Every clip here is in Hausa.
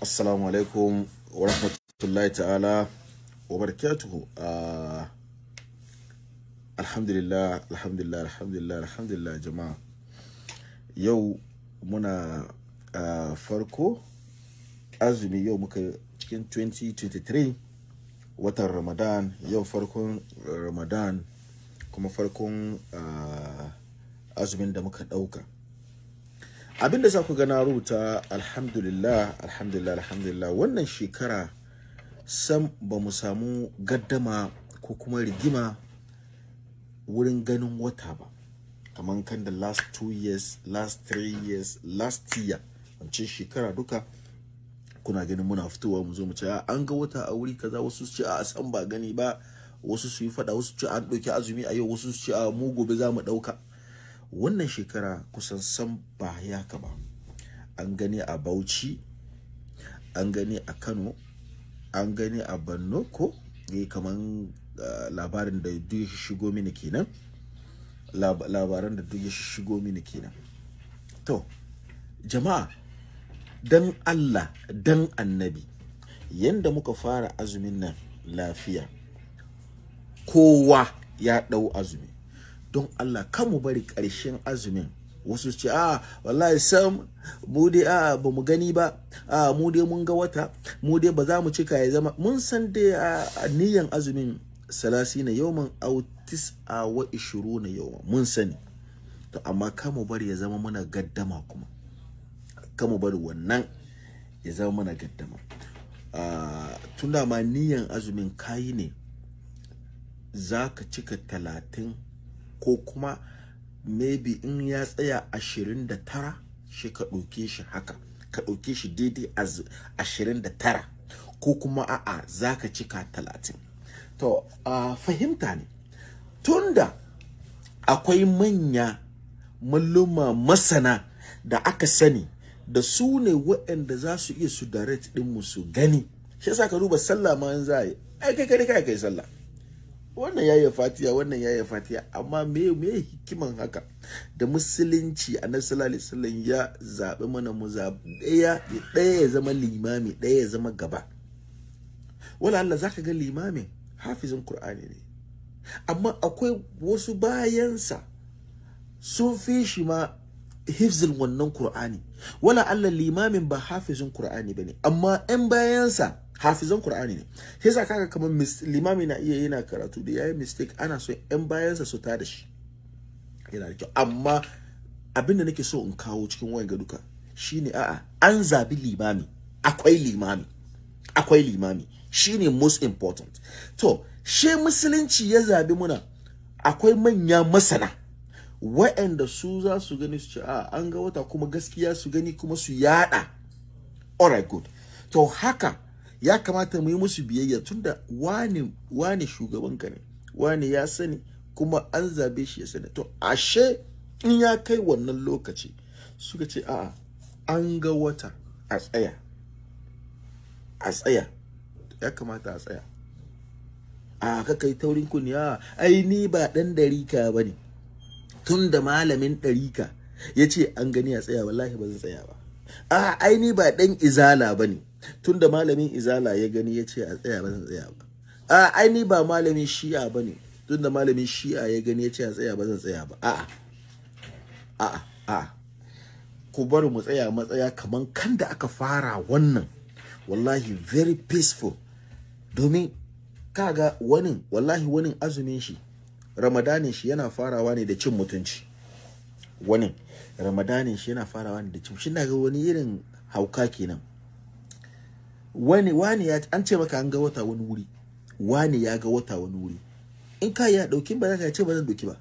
assalamu alaikum wa rahmatullahi ta'ala wa barakatuhu uh, alhamdulillah alhamdulillah alhamdulillah alhamdulillah jama'a yau muna ah, farko azumi yau muka cikin 2023 watan ramadan yau farkon ramadan kuma farkon ah, azumin da muka ɗauka. abin da za ku gana rubuta alhamdulillah alhamdulillah alhamdulillah wannan shekara sam ba mu samu gaddama ko kuma rigima wurin ganin wata ba kamar kan da last two years last three years last year wancan shekara duka kuna ganin muna fitowa mu zo mu ce ah, an ga wata a wuri kaza wasu su ce a ah, san ba gani ba wasu su yi fada wasu su ce ah, an ɗauki azumi a yau wasu su ce a mu gobe za mu ɗauka wannan shekara kusan san ba ka ba an gani a bauchi an gani a kano an gani a borno ko eh, kaman eh, labarin da duk ya shigo mini kenan labaran da duk ya shigo mini kenan to jama'a dan allah dan annabi yanda muka fara azumin nan lafiya kowa ya ɗau azumi don Allah kan mu bari ƙarshen azumin wasu ce a ah, wallahi sam mu dai a ah, ba mu gani ba a ah, mu dai mun ga wata mu dai ba za mu cika ya zama mun san dai a niyan azumin salasi na yawman autis a wa ishiru na yawman mun sani to amma mu bari ya zama muna gaddama kuma mu bari wannan ya zama muna gaddama a tunda ma niyan azumin kayi ne za ka cika talatin ko kuma maybe in ya tsaya ashirin da tara shi ka ɗauke shi haka ka ɗauke shi daidai ashirin da tara ko kuma a'a za ka cika talatin to a fahimta ne tunda akwai manya malluma masana da aka sani da su ne waɗanda za su iya su direct ɗinmu su gani shi yasa ka duba sallah ma in za a yi ai kai kai kai sallah wannan ya yi fatiya wannan ya yi fatiya amma me me hikiman haka da musulunci a sallallahu alaihi ya zaɓi mana mu ɗaya daya daya ya zama limami daya ya zama gaba wala Allah zaka ga limamin hafizin Qur'ani ne amma akwai wasu bayansa sun fi shi ma hifzin wannan Kur'ani wala Allah limamin ba hafizin Kur'ani bane amma ɗan bayansa hafizan Kur'ani ne sai sa kaga kamar limami na iya yana karatu da yayi mistake ana so ɗan bayansa su tada shi yana da kyau amma abinda nake so in kawo cikin wayan duka shine a'a an zabi limami akwai limami akwai limami shine most important to she musulunci ya zabi muna akwai manya masana wa'anda su za su gani su ce a an ga wata kuma gaskiya su gani kuma su yada right, good to haka ya kamata mu yi musu biyayya tunda wani wani shugaban ka ne wani ya sani kuma an zabe shi ya sani to ashe in ya kai wannan lokaci suka ce a'a an ga wata a tsaya a tsaya ya kamata a tsaya a kakai taurin kunya ai ni ba dan darika bane tun da malamin ɗarika ya ce an gani a tsaya wallahi ba zan tsaya ba a aini ba ɗan izala ba ne tun da malamin izala ya gani ya ce a tsaya ba zan tsaya ba a aini ba malamin shi'a ba ne tun da malamin shi'a ya gani ya ce a tsaya ba zan tsaya ba a'a a'a a'a ku bari mu tsaya matsaya kaman kan da aka fara wannan wallahi very peaceful domin kaga wani wallahi wani azumin shi ramadanin shi yana farawa ne da cin mutunci wani ramadanin shi yana farawa ne da cin shi na ga wani irin hauka kenan wani wani ya an ce maka an ga wata wani wuri wani ya ga wata wani wuri in ka ya dauki ba za ka ce ba zan dauki ba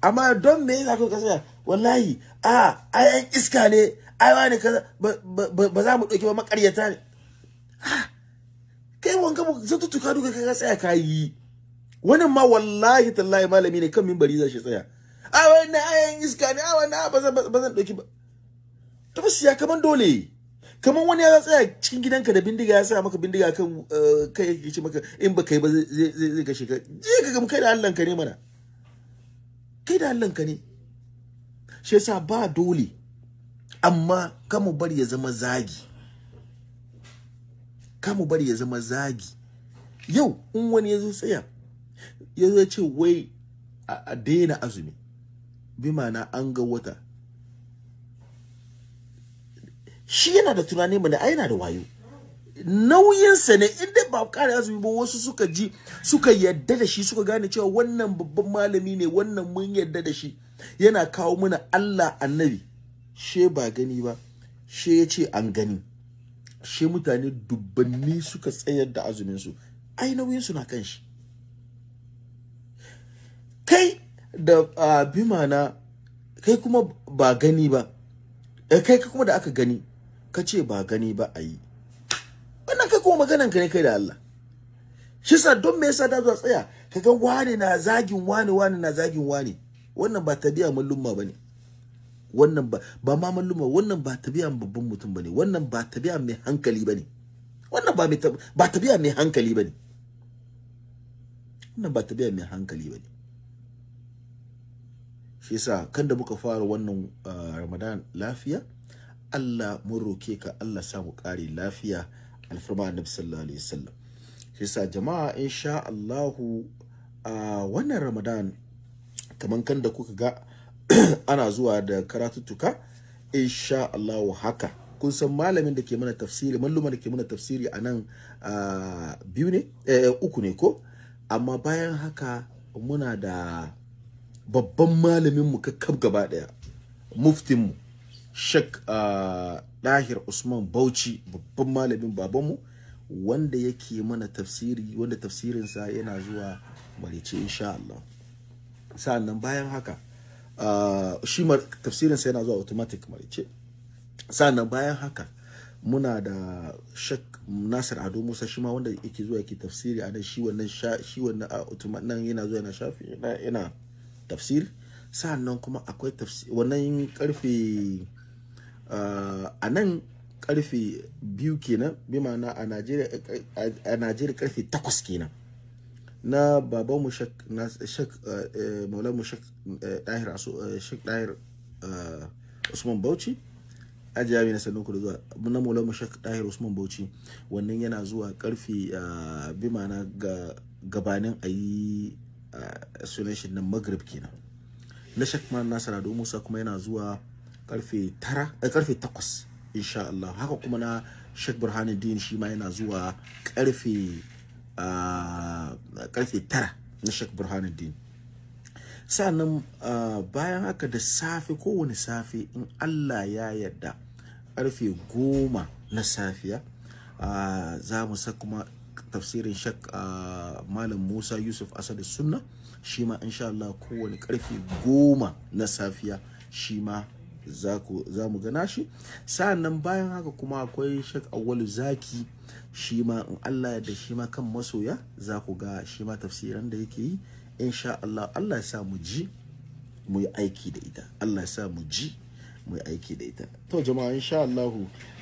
amma don me za ka kasa wallahi a ai an iska ne ai wani kaza ba za mu dauki ba makaryata ne ah, kai wanka mu zan tutuka duka ka tsaya ka yi wannan ma wallahi tallahi malami ne kan minbari za shi tsaya a wannan ayan iska ne a wannan ba zan ba zan dauki ba to bas ya kaman dole kaman wani ya tsaya cikin gidanka da bindiga ya sa maka bindiga kan eh, kai yake ce maka in ba kai ba zai zai kashe ka je ka ga kai da Allah ka ne mana kai da Allah ka ne shi yasa ba dole amma kamu bari ya zama zagi kamu bari ya zama zagi yau in wani ya zo tsaya ya zai ce wai a daina azumi bi ma'ana an ga wata shi yana da tunani mana da yana da wayo nauyinsa ne inda ba kare azumi ba wasu suka ji suka yadda da shi suka gane cewa wannan babban malami ne wannan mun yadda da shi yana kawo mana Allah annabi she ba gani ba she ya ce an gani she mutane dubbanni suka tsayar da azuminsu ai nauyinsu na kan shi da bi mana kai kuma ba gani ba eh, kai kuma da aka gani ka ce ba gani ba a yi wannan kai kuma maganan ka ne kai da Allah shi sa don me yasa da zuwa tsaya ga, wani na zagin wani wani na zagin wani wannan ba tabiya mallumma bane wannan ba ba ma malluma wannan ba tabiya babban mutum bane wannan ba tabiya mai hankali bane wannan ba ba tabiya mai hankali bane wannan ba tabiya mai hankali bane shi yasa kan da muka fara wannan ramadan lafiya Allah mun roke ka Allah sa mu kare lafiya alfarma annabi sallallahu alaihi wasallam shi yasa jama'a insha Allah wannan ramadan kaman kan da kuka ga ana zuwa da karatuttuka insha Allah haka kun san malamin da ke mana tafsiri malluma da ke mana tafsiri a nan biyu ne eh, uku ne ko amma bayan haka muna da babban malaminmu kakkab gaba Muftin mu shek ɗahir ah, usman bauchi babban malamin baban mu. wanda yake mana tafsiri wanda tafsirinsa yana zuwa marice insha Allah sa'annan bayan haka ah, shi tafsirinsa yana zuwa automatic marice sa'annan bayan haka muna da shek nasir ado musa shi ma wanda yake zuwa yake tafsiri a nan shi wannan shi wannan ah, nan yana zuwa yana shafi yana tafsir sa'annan kuma akwai tafsir wannan karfe ah, a nan karfe biyu kenan bi ma'ana a Najeriya a Najeriya karfe takwas kenan na baban mu shek na shek eh, eh, maula mu shek eh, dahir asu shek dahir ah, Usman Bauchi ajiya mai nasarar sannan ku da zuwa na maula mu shek dahir Usman Bauchi wannan yana zuwa karfe ah, bi ma'ana ga gabanin ayi Eh, sunan shi nan maghrib kenan na shakman nasara ado musa kuma yana zuwa karfe tara eh, karfe takwas insha Allah haka kuma na shek burhanuddin shi ma yana zuwa karfe ah, karfe tara na shek burhanuddin sanan ah, bayan haka da safe kowane safe in Allah ya yarda karfe goma na safiya ah, za mu sa kuma tafsirin shak ah, malam musa yusuf asadu sunna shi ma insha Allah kowane karfe goma na safiya shi ma za mu gana shi nan bayan haka kuma akwai shek awwalu zaki shi ma in Allah da shi ma kan masoya za ku ga shi ma tafsiran da yake yi insha Allah Allah ya sa mu ji mu yi aiki da ita Allah ya sa mu ji mu yi aiki da ita to jama'a insha Allah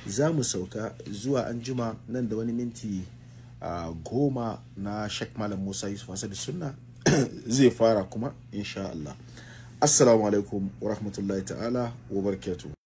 za mu sauka zuwa anjima nan da wani minti goma na Sheikh Malam Musa Yusuf Asadi Sunna zai fara kuma insha Allah. Assalamu alaikum wa rahmatullahi ta'ala wa barakatuh.